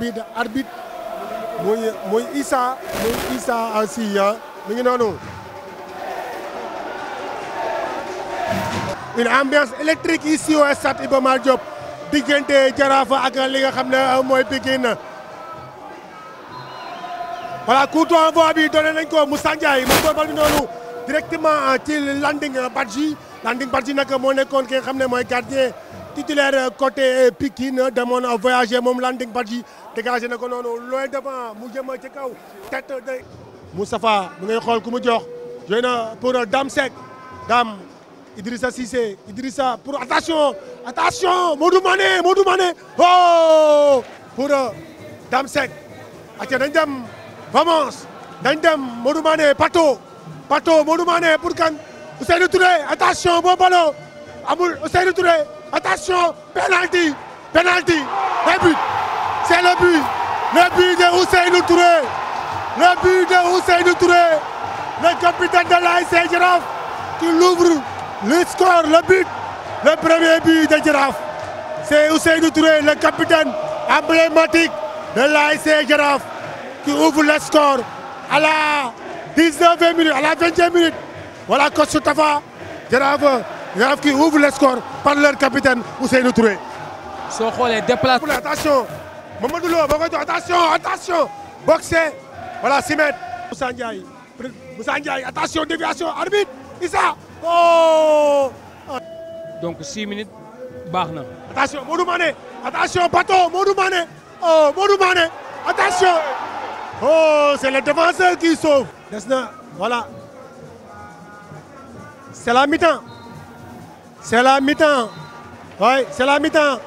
bi de arbitre muy muy Issa muy Issa Assi mi ngi noonu. une ambiance électrique ici au stade Iba Mar Diop diggante Jaraaf ak li nga xam ne mooy Pikine voilà coup d'envoi bi donné nañ ko mu Ndiaye mu door bal bi noonu directement ci landing Badji landing ji nag moo nekkoon ki nga xam ne mooy gardien. titulaire côté Pikine à voyager mon landing Badji dégagé na non, loin devant mu jëm ci tête de Moustapha mu ngay je ku pour Dame Sec Dame Idrissa Sissé, Idrissa pour attention attention Modou Mané Mané oh pour Dame sec. Attention, dañ dem Vamos dañ dem Mané Pato Pato Modou Mané pour kan le Touré attention bon ballon amul le Touré Attention, penalty, penalty, le but. C'est le but. Le but de Hussein Touré. Le but de Hussein Touré. Le capitaine de l'AIC Giraffe qui l'ouvre. Le score, le but. Le premier but de Giraffe. C'est Hussein Touré, le capitaine emblématique de l'AIC Giraffe qui ouvre le score à la 19e minute, à la 20e minute. Voilà, Coach Giraffe. Yaraf qui ouvre le score par leur capitaine Ousseynou Touré. soo les déplacement. attention Mamadou Lo attention attention Boxer voilà 6 mètres. Moussa Ndiaye Moussa Ndiaye attention déviation arbitre Issa oh. donc 6 minutes Barna. attention Modou attention bateau Modou Mané oh Modou attention oh c'est le défenseur qui sauve. voilà c'est la mi-temps. C'est la mi-temps. Oui, c'est la mi-temps.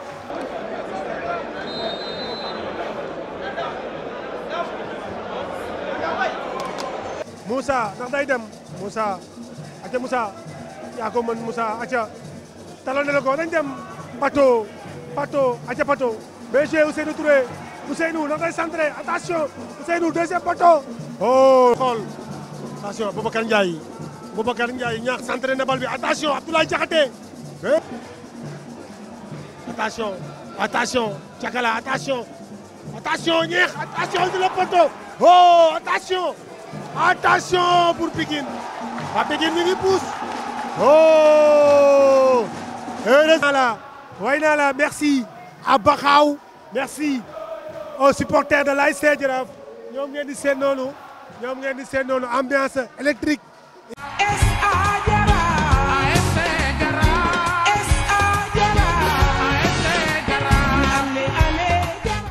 Moussa ndax day dem Moussa aca Moussa yaa ko mën Moussa aca talon la dem Pato Pato aca Pato BG Ousseynou Touré Ousseynou ndax day centré attention Ousseynou deuxième Pato oh xool attention Babacar Ndiaye Boubacar Ndiaye ñaax centré na bal bi attention Abdoulaye Diakhaté eh? attention attention Cakala attention attention ñeex attention de le poteau oh attention attention pour Pikine ba Pikine ni pousse oh heureusement la la merci à Bakhaw merci aux supporters de l'ASC Jaraaf ñom ngeen di seen noonu ñoom ngeen di seen noonu ambiance électrique